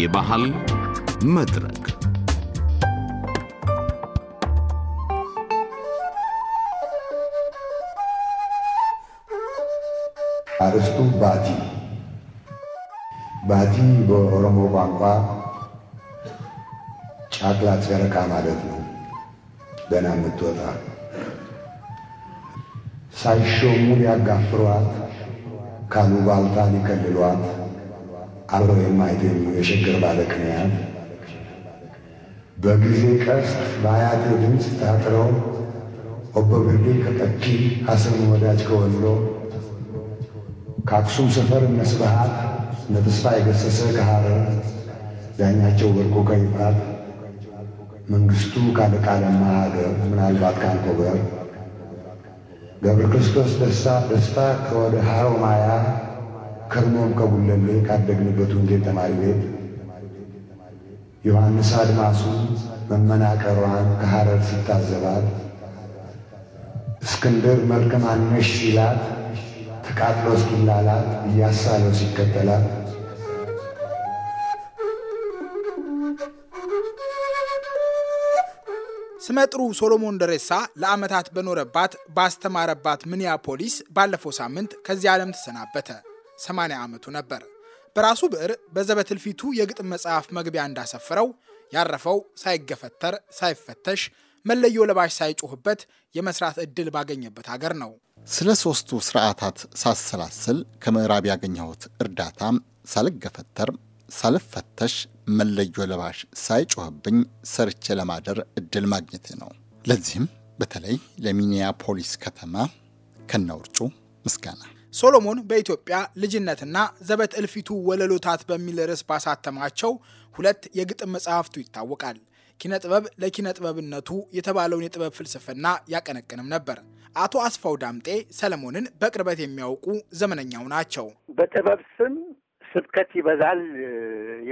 የባህል መድረክ አርስቱ ባቲ ባቲ በኦሮሞ ቋንቋ ጫቅላ ጨረቃ ማለት ነው። ገና የምትወጣ ሳይሾሙ ያጋፍሯት፣ ባልታን ይከልሏት አብረው የማይገኙ የሸገር ባለቅኔያት በጊዜ ቀስት በአያቴ ድምፅ ታጥረው ኦበግዴ ከጠኪ ሐሰን ወዳጅ ከወሎ ከአክሱም ሰፈር እነ ስብሃት እነ ተስፋ የገሰሰ ከሐረር ዳኛቸው ወርቁ ከይፋት መንግስቱ ካለቃለማ ሀገር ምናልባት ካንኮበር ገብረ ክርስቶስ ደስታ ከወደ ሐሮማያ ከብነም ከጉለሌ ካደግንበት ወንጌል ተማሪ ቤት ዮሐንስ አድማሱ መመናቀሯን ከሐረር ሲታዘባት እስክንድር መልከ ማነሽ ሲላት ተቃጥሎ እስኪላላት እያሳለው ሲከተላት ስመጥሩ ሶሎሞን ደሬሳ ለዓመታት በኖረባት ባስተማረባት ሚኒያፖሊስ ባለፈው ሳምንት ከዚህ ዓለም ተሰናበተ። 80 ዓመቱ ነበር። በራሱ ብዕር በዘበትል ፊቱ የግጥም መጽሐፍ መግቢያ እንዳሰፈረው ያረፈው ሳይገፈተር ሳይፈተሽ መለዮ ለባሽ ሳይጮህበት የመስራት ዕድል ባገኘበት አገር ነው። ስለ ሦስቱ ሥርዓታት ሳሰላስል ከምዕራብ ያገኘሁት እርዳታ ሳልገፈተር ሳልፈተሽ መለዮ ለባሽ ሳይጮህብኝ ሰርቼ ለማደር እድል ማግኘቴ ነው። ለዚህም በተለይ ለሚኒያፖሊስ ከተማ ከነውርጩ ምስጋና ሶሎሞን በኢትዮጵያ ልጅነትና ዘበት እልፊቱ ወለሎታት በሚል ርዕስ ባሳተማቸው ሁለት የግጥም መጽሐፍቱ ይታወቃል። ኪነ ጥበብ ለኪነ ጥበብነቱ የተባለውን የጥበብ ፍልስፍና ያቀነቅንም ነበር። አቶ አስፋው ዳምጤ ሰለሞንን በቅርበት የሚያውቁ ዘመነኛው ናቸው። በጥበብ ስም ስብከት ይበዛል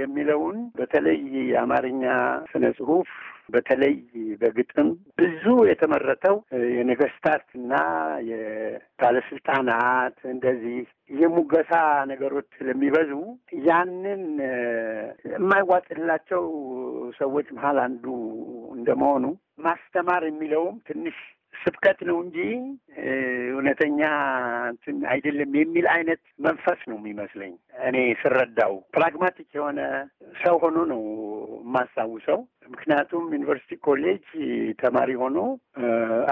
የሚለውን በተለይ የአማርኛ ስነ ጽሁፍ በተለይ በግጥም ብዙ የተመረተው የነገስታት እና የባለስልጣናት እንደዚህ የሙገሳ ነገሮች ስለሚበዙ ያንን የማይዋጥላቸው ሰዎች መሀል አንዱ እንደመሆኑ ማስተማር የሚለውም ትንሽ ስብከት ነው እንጂ እውነተኛ እንትን አይደለም የሚል አይነት መንፈስ ነው የሚመስለኝ። እኔ ስረዳው ፕራግማቲክ የሆነ ሰው ሆኖ ነው የማስታውሰው። ምክንያቱም ዩኒቨርሲቲ ኮሌጅ ተማሪ ሆኖ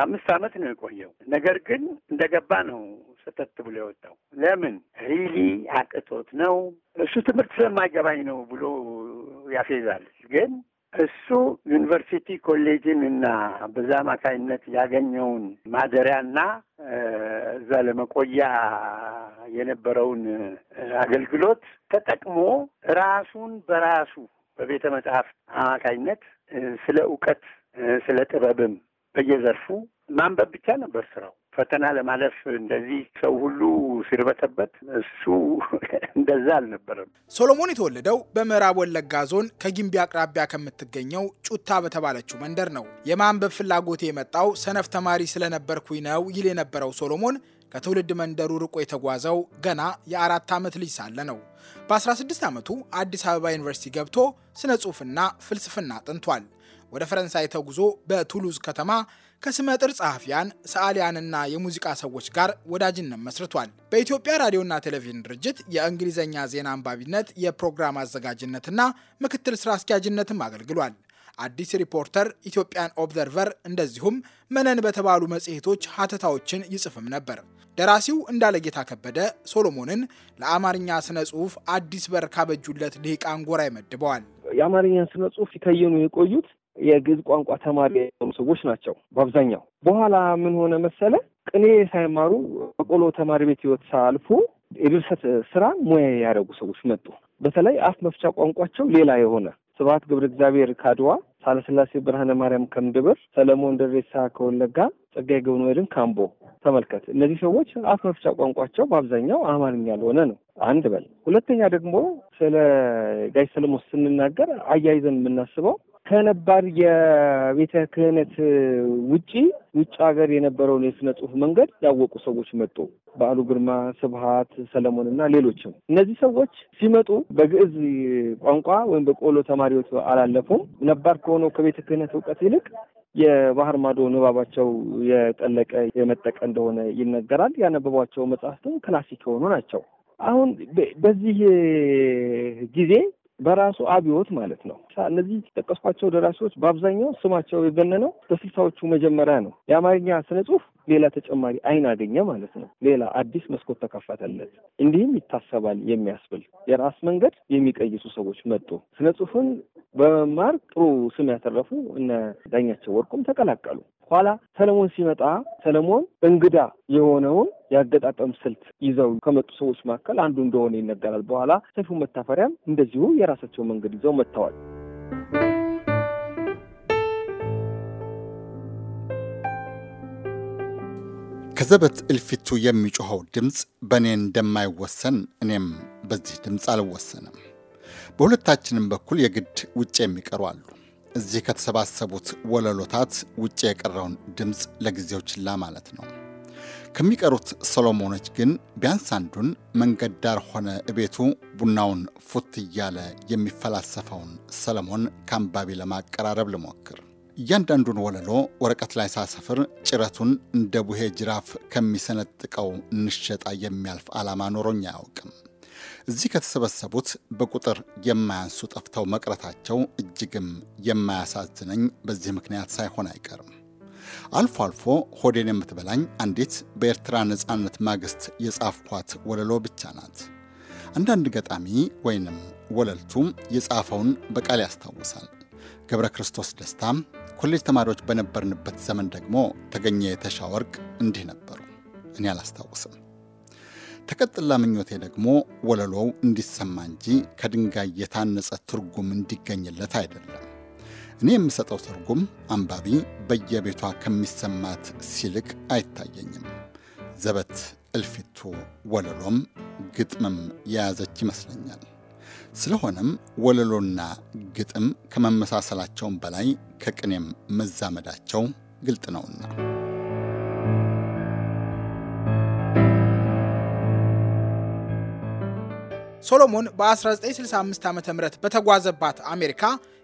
አምስት አመት ነው የቆየው። ነገር ግን እንደገባ ነው ሰተት ብሎ የወጣው። ለምን ሪሊ አቅቶት ነው እሱ ትምህርት ስለማይገባኝ ነው ብሎ ያፌዛል። ግን እሱ ዩኒቨርሲቲ ኮሌጅን እና በዛ አማካኝነት ያገኘውን ማደሪያና እዛ ለመቆያ የነበረውን አገልግሎት ተጠቅሞ ራሱን በራሱ በቤተ መጽሐፍ አማካኝነት ስለ እውቀት ስለ ጥበብም በየዘርፉ ማንበብ ብቻ ነበር ስራው። ፈተና ለማለፍ እንደዚህ ሰው ሁሉ ሲርበተበት እሱ እንደዛ አልነበረም። ሶሎሞን የተወለደው በምዕራብ ወለጋ ዞን ከጊምቢ አቅራቢያ ከምትገኘው ጩታ በተባለችው መንደር ነው። የማንበብ ፍላጎት የመጣው ሰነፍ ተማሪ ስለነበርኩኝ ነው ይል የነበረው ሶሎሞን ከትውልድ መንደሩ ርቆ የተጓዘው ገና የአራት ዓመት ልጅ ሳለ ነው። በ16 ዓመቱ አዲስ አበባ ዩኒቨርሲቲ ገብቶ ስነ ጽሑፍና ፍልስፍና አጥንቷል። ወደ ፈረንሳይ ተጉዞ በቱሉዝ ከተማ ከስመጥር ጸሐፊያን፣ ሰዓሊያንና የሙዚቃ ሰዎች ጋር ወዳጅነት መስርቷል። በኢትዮጵያ ራዲዮና ቴሌቪዥን ድርጅት የእንግሊዝኛ ዜና አንባቢነት የፕሮግራም አዘጋጅነትና ምክትል ስራ አስኪያጅነትም አገልግሏል። አዲስ ሪፖርተር፣ ኢትዮጵያን ኦብዘርቨር እንደዚሁም መነን በተባሉ መጽሔቶች ሀተታዎችን ይጽፍም ነበር። ደራሲው እንዳለጌታ ከበደ ሶሎሞንን ለአማርኛ ስነ ጽሁፍ አዲስ በር ካበጁለት ልሂቃን ጎራ ይመድበዋል። የአማርኛን ስነ ጽሑፍ ሲከየኑ የቆዩት የግዕዝ ቋንቋ ተማሪ የሆኑ ሰዎች ናቸው በአብዛኛው። በኋላ ምን ሆነ መሰለ፣ ቅኔ ሳይማሩ በቆሎ ተማሪ ቤት ህይወት ሳልፎ የድርሰት ስራ ሙያ ያደረጉ ሰዎች መጡ። በተለይ አፍ መፍቻ ቋንቋቸው ሌላ የሆነ ስብሐት ገብረ እግዚአብሔር ካድዋ ሳለስላሴ ብርሃነ ማርያም ከምድብር፣ ሰለሞን ደሬሳ ከወለጋ፣ ጸጋይ ገብኑ ወድን ካምቦ ተመልከት። እነዚህ ሰዎች አፍ መፍቻ ቋንቋቸው በአብዛኛው አማርኛ ለሆነ ነው። አንድ በል። ሁለተኛ ደግሞ ስለ ጋሽ ሰለሞን ስንናገር አያይዘን የምናስበው ከነባር የቤተ ክህነት ውጪ ውጭ ሀገር የነበረውን የስነ ጽሁፍ መንገድ ያወቁ ሰዎች መጡ። በዓሉ ግርማ፣ ስብሀት፣ ሰለሞን እና ሌሎችም። እነዚህ ሰዎች ሲመጡ በግዕዝ ቋንቋ ወይም በቆሎ ተማሪዎች አላለፉም። ነባር ከሆነው ከቤተ ክህነት እውቀት ይልቅ የባህር ማዶ ንባባቸው የጠለቀ የመጠቀ እንደሆነ ይነገራል። ያነበቧቸው መጽሐፍትም ክላሲክ የሆኑ ናቸው። አሁን በዚህ ጊዜ በራሱ አብዮት ማለት ነው። እነዚህ የተጠቀስኳቸው ደራሲዎች በአብዛኛው ስማቸው የገነነው በስልሳዎቹ መጀመሪያ ነው። የአማርኛ ስነ ጽሁፍ ሌላ ተጨማሪ አይን አገኘ ማለት ነው። ሌላ አዲስ መስኮት ተከፈተለት፣ እንዲህም ይታሰባል የሚያስብል የራስ መንገድ የሚቀይሱ ሰዎች መጡ። ስነ ጽሁፍን በመማር ጥሩ ስም ያተረፉ እነ ዳኛቸው ወርቁም ተቀላቀሉ። ኋላ ሰለሞን ሲመጣ ሰለሞን እንግዳ የሆነውን የአገጣጠም ስልት ይዘው ከመጡ ሰዎች መካከል አንዱ እንደሆነ ይነገራል። በኋላ ሰፊው መታፈሪያም እንደዚሁ የራሳቸው መንገድ ይዘው መጥተዋል። ከዘበት እልፊቱ የሚጮኸው ድምፅ በእኔ እንደማይወሰን እኔም በዚህ ድምፅ አልወሰንም። በሁለታችንም በኩል የግድ ውጭ የሚቀሩ አሉ። እዚህ ከተሰባሰቡት ወለሎታት ውጭ የቀረውን ድምፅ ለጊዜው ችላ ማለት ነው። ከሚቀሩት ሰሎሞኖች ግን ቢያንስ አንዱን መንገድ ዳር ሆነ እቤቱ ቡናውን ፉት እያለ የሚፈላሰፈውን ሰለሞን ከአንባቢ ለማቀራረብ ልሞክር። እያንዳንዱን ወለሎ ወረቀት ላይ ሳሰፍር ጭረቱን እንደ ቡሄ ጅራፍ ከሚሰነጥቀው እንሸጣ የሚያልፍ ዓላማ ኖሮኝ አያውቅም። እዚህ ከተሰበሰቡት በቁጥር የማያንሱ ጠፍተው መቅረታቸው እጅግም የማያሳዝነኝ በዚህ ምክንያት ሳይሆን አይቀርም። አልፎ አልፎ ሆዴን የምትበላኝ አንዲት በኤርትራ ነፃነት ማግስት የጻፍኳት ወለሎ ብቻ ናት። አንዳንድ ገጣሚ ወይንም ወለልቱ የጻፈውን በቃል ያስታውሳል። ገብረ ክርስቶስ ደስታ ኮሌጅ ተማሪዎች በነበርንበት ዘመን ደግሞ ተገኘ የተሻ ወርቅ እንዲህ ነበሩ። እኔ አላስታውስም። ተቀጥላ ምኞቴ ደግሞ ወለሎው እንዲሰማ እንጂ ከድንጋይ የታነጸ ትርጉም እንዲገኝለት አይደለም። እኔ የምሰጠው ትርጉም አንባቢ በየቤቷ ከሚሰማት ሲልቅ አይታየኝም። ዘበት እልፊቱ፣ ወለሎም ግጥምም የያዘች ይመስለኛል። ስለሆነም ወለሎና ግጥም ከመመሳሰላቸውም በላይ ከቅኔም መዛመዳቸው ግልጥ ነውና ሶሎሞን በ1965 ዓ ም በተጓዘባት አሜሪካ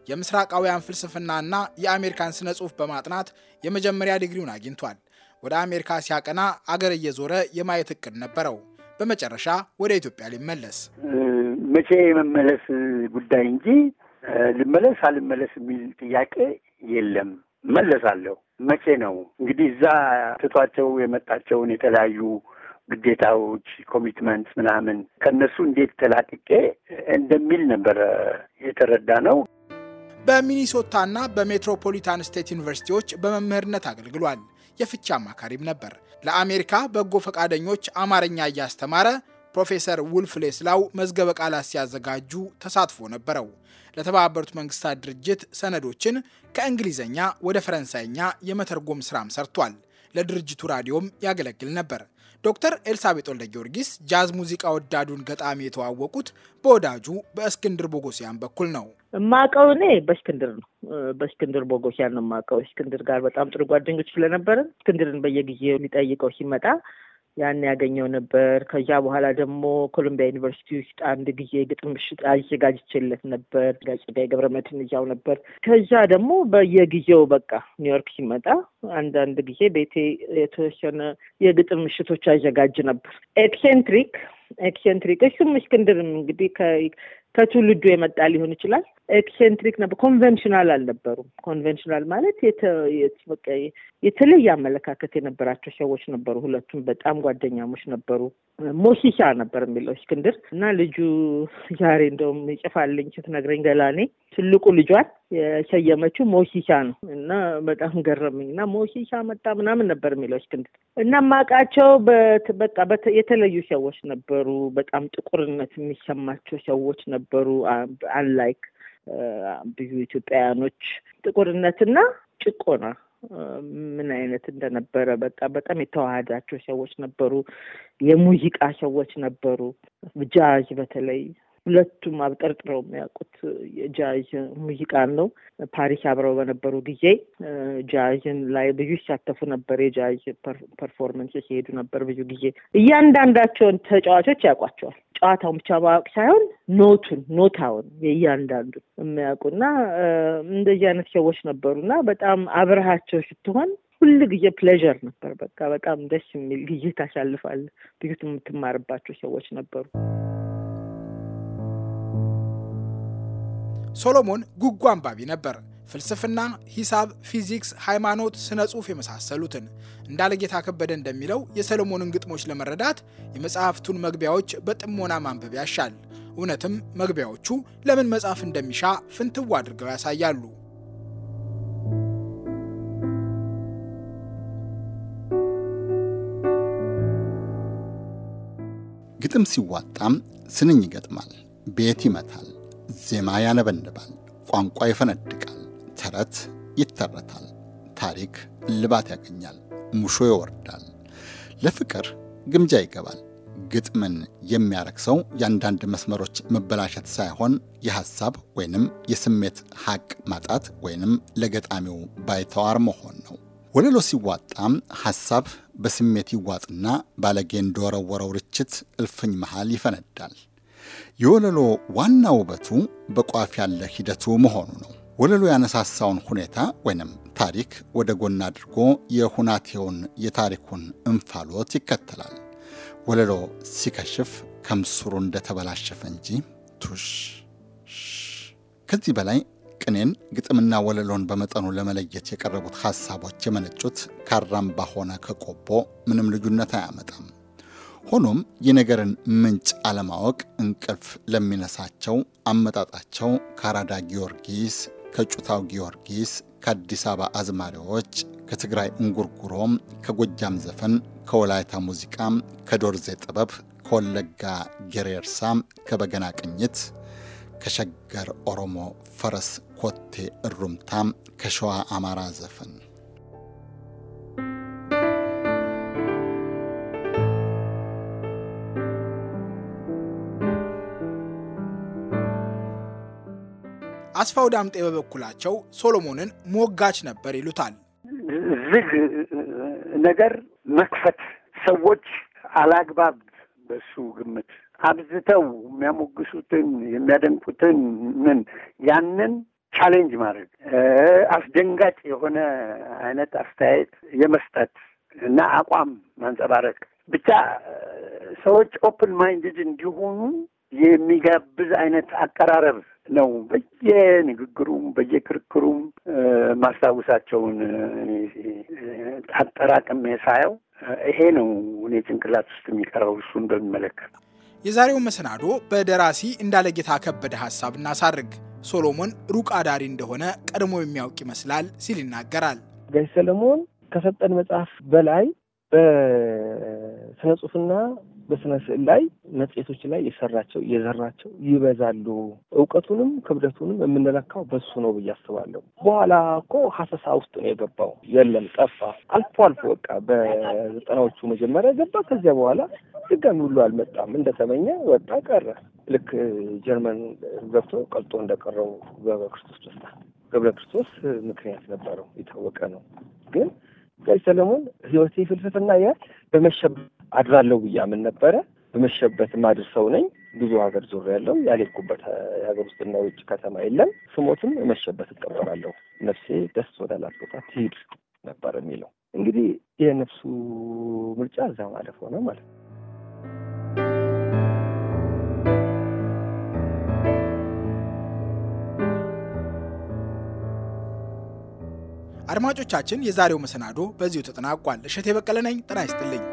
የምስራቃውያን ፍልስፍናና የአሜሪካን ስነ ጽሑፍ በማጥናት የመጀመሪያ ዲግሪውን አግኝቷል። ወደ አሜሪካ ሲያቀና አገር እየዞረ የማየት እቅድ ነበረው። በመጨረሻ ወደ ኢትዮጵያ ሊመለስ መቼ የመመለስ ጉዳይ እንጂ ልመለስ አልመለስ የሚል ጥያቄ የለም። መለሳለሁ። መቼ ነው እንግዲህ እዛ ትቷቸው የመጣቸውን የተለያዩ ግዴታዎች፣ ኮሚትመንት ምናምን ከነሱ እንዴት ተላቅቄ እንደሚል ነበረ የተረዳ ነው። በሚኒሶታና በሜትሮፖሊታን ስቴት ዩኒቨርሲቲዎች በመምህርነት አገልግሏል። የፍቻ አማካሪም ነበር። ለአሜሪካ በጎ ፈቃደኞች አማርኛ እያስተማረ ፕሮፌሰር ውልፍ ሌስላው መዝገበ ቃላት ሲያዘጋጁ ተሳትፎ ነበረው። ለተባበሩት መንግስታት ድርጅት ሰነዶችን ከእንግሊዝኛ ወደ ፈረንሳይኛ የመተርጎም ስራም ሰርቷል። ለድርጅቱ ራዲዮም ያገለግል ነበር። ዶክተር ኤልሳቤጥ ወልደ ጊዮርጊስ ጃዝ ሙዚቃ ወዳዱን ገጣሚ የተዋወቁት በወዳጁ በእስክንድር ቦጎሲያን በኩል ነው። እማቀው እኔ በእስክንድር ነው። በእስክንድር ቦጎሲያን ነው እማቀው። እስክንድር ጋር በጣም ጥሩ ጓደኞች ስለነበረን እስክንድርን በየጊዜው የሚጠይቀው ሲመጣ ያን ያገኘው ነበር። ከዚያ በኋላ ደግሞ ኮሎምቢያ ዩኒቨርሲቲ ውስጥ አንድ ጊዜ ግጥም ምሽት አዘጋጅቼለት ነበር። ጋዜጣ ገብረመድህን እዚያው ነበር። ከዛ ደግሞ በየጊዜው በቃ ኒውዮርክ ሲመጣ አንዳንድ ጊዜ ቤቴ የተወሰነ የግጥም ምሽቶች አዘጋጅ ነበር። ኤክሴንትሪክ ኤክሴንትሪክ እሱም እስክንድርም እንግዲህ ከትውልዱ የመጣ ሊሆን ይችላል። ኤክሴንትሪክ ነበር። ኮንቨንሽናል አልነበሩም። ኮንቨንሽናል ማለት የተለየ አመለካከት የነበራቸው ሰዎች ነበሩ። ሁለቱም በጣም ጓደኛሞች ነበሩ። ሞሲሻ ነበር የሚለው እስክንድር እና ልጁ ዛሬ እንደውም ይጭፋልኝ ስትነግረኝ ገላኔ ትልቁ ልጇን የሰየመችው ሞሲሳ ነው እና በጣም ገረመኝ እና ሞሲሳ መጣ ምናምን ነበር የሚለው እስክንድር እና ማቃቸው በቃ የተለዩ ሰዎች ነበሩ። በጣም ጥቁርነት የሚሰማቸው ሰዎች ነበሩ። አንላይክ ብዙ ኢትዮጵያውያኖች ጥቁርነትና ጭቆና ምን አይነት እንደነበረ በቃ በጣም የተዋሃዳቸው ሰዎች ነበሩ። የሙዚቃ ሰዎች ነበሩ። ጃዝ በተለይ ሁለቱም አብጠርጥረው የሚያውቁት የጃዝ ሙዚቃን ነው። ፓሪስ አብረው በነበሩ ጊዜ ጃዝን ላይ ብዙ ይሳተፉ ነበር። የጃዝ ፐርፎርመንስ ሲሄዱ ነበር ብዙ ጊዜ። እያንዳንዳቸውን ተጫዋቾች ያውቋቸዋል። ጨዋታውን ብቻ ማወቅ ሳይሆን ኖቱን ኖታውን የእያንዳንዱ የሚያውቁና እንደዚህ አይነት ሰዎች ነበሩና በጣም አብረሃቸው ስትሆን ሁሉ ጊዜ ፕሌዠር ነበር። በቃ በጣም ደስ የሚል ጊዜ ታሳልፋለህ። ብዙ የምትማርባቸው ሰዎች ነበሩ። ሶሎሞን ጉጉ አንባቢ ነበር። ፍልስፍና ሂሳብ፣ ፊዚክስ፣ ሃይማኖት፣ ስነ ጽሑፍ የመሳሰሉትን። እንዳለጌታ ከበደ እንደሚለው የሰሎሞንን ግጥሞች ለመረዳት የመጽሐፍቱን መግቢያዎች በጥሞና ማንበብ ያሻል። እውነትም መግቢያዎቹ ለምን መጽሐፍ እንደሚሻ ፍንትው አድርገው ያሳያሉ። ግጥም ሲዋጣም ስንኝ ይገጥማል፣ ቤት ይመታል፣ ዜማ ያነበንባል፣ ቋንቋ ይፈነድቃል፣ ተረት ይተረታል፣ ታሪክ ልባት ያገኛል፣ ሙሾ ይወርዳል፣ ለፍቅር ግምጃ ይገባል። ግጥምን የሚያረክሰው የአንዳንድ መስመሮች መበላሸት ሳይሆን የሐሳብ ወይንም የስሜት ሀቅ ማጣት ወይንም ለገጣሚው ባይተዋር መሆን ነው። ወለሎ ሲዋጣም ሐሳብ በስሜት ይዋጥና ባለጌ እንደወረወረው ርችት እልፍኝ መሃል ይፈነዳል። የወለሎ ዋና ውበቱ በቋፍ ያለ ሂደቱ መሆኑ ነው። ወለሎ ያነሳሳውን ሁኔታ ወይንም ታሪክ ወደ ጎን አድርጎ የሁናቴውን የታሪኩን እንፋሎት ይከተላል። ወለሎ ሲከሽፍ ከምሱሩ እንደተበላሸፈ እንጂ ቱሽ ከዚህ በላይ ቅኔን ግጥምና ወለሎን በመጠኑ ለመለየት የቀረቡት ሐሳቦች የመነጩት ካራምባ ሆነ ከቆቦ ምንም ልዩነት አያመጣም። ሆኖም የነገርን ምንጭ አለማወቅ እንቅልፍ ለሚነሳቸው አመጣጣቸው ከአራዳ ጊዮርጊስ፣ ከጩታው ጊዮርጊስ፣ ከአዲስ አበባ አዝማሪዎች፣ ከትግራይ እንጉርጉሮም፣ ከጎጃም ዘፈን፣ ከወላይታ ሙዚቃ ከዶርዜ ጥበብ፣ ከወለጋ ጌሬርሳ፣ ከበገና ቅኝት፣ ከሸገር ኦሮሞ ፈረስ ኮቴ እሩምታ ከሸዋ አማራ ዘፈን አስፋው ዳምጤ በበኩላቸው ሶሎሞንን ሞጋች ነበር ይሉታል። ዝግ ነገር መክፈት ሰዎች አላግባብ በሱ ግምት አብዝተው የሚያሞግሱትን የሚያደንቁትን ምን ያንን ቻሌንጅ ማድረግ አስደንጋጭ የሆነ አይነት አስተያየት የመስጠት እና አቋም ማንጸባረቅ ብቻ ሰዎች ኦፕን ማይንድድ እንዲሆኑ የሚጋብዝ አይነት አቀራረብ ነው በየንግግሩም በየክርክሩም ማስታውሳቸውን አጠራቅሜ ሳየው ይሄ ነው እኔ ጭንቅላት ውስጥ የሚቀረው እሱን በሚመለከት። የዛሬው መሰናዶ በደራሲ እንዳለጌታ ከበደ ሀሳብ እናሳርግ። ሶሎሞን ሩቅ አዳሪ እንደሆነ ቀድሞ የሚያውቅ ይመስላል ሲል ይናገራል። ጋሽ ሰለሞን ከሰጠን መጽሐፍ በላይ በስነ ጽሁፍና በስነ ስዕል ላይ መጽሔቶች ላይ የሰራቸው የዘራቸው ይበዛሉ። እውቀቱንም ክብደቱንም የምንለካው በሱ ነው ብዬ አስባለሁ። በኋላ እኮ ሀሰሳ ውስጥ ነው የገባው። የለም ጠፋ። አልፎ አልፎ በቃ በዘጠናዎቹ መጀመሪያ ገባ። ከዚያ በኋላ ድጋሚ ሁሉ አልመጣም። እንደተመኘ ወጣ ቀረ። ልክ ጀርመን ገብቶ ቀልጦ እንደቀረው በክርስቶስ ደስታ ገብረ ክርስቶስ ምክንያት ነበረው የታወቀ ነው። ግን ጋይ ሰለሞን ህይወቴ ፍልስፍና ያ በመሸበር አድራለሁ ብያ ምን ነበረ። በመሸበትም አድርሰው ነኝ። ብዙ ሀገር ዞር ያለው ያልሄድኩበት የሀገር ውስጥና የውጭ ከተማ የለም። ስሞትም መሸበት እቀበላለሁ፣ ነፍሴ ደስ ወዳላት ቦታ ትሂድ ነበር የሚለው እንግዲህ የነፍሱ ምርጫ እዛ ማለፍ ሆነ ማለት ነው። አድማጮቻችን፣ የዛሬው መሰናዶ በዚሁ ተጠናቋል። እሸቴ በቀለ ነኝ። ጤና ይስጥልኝ።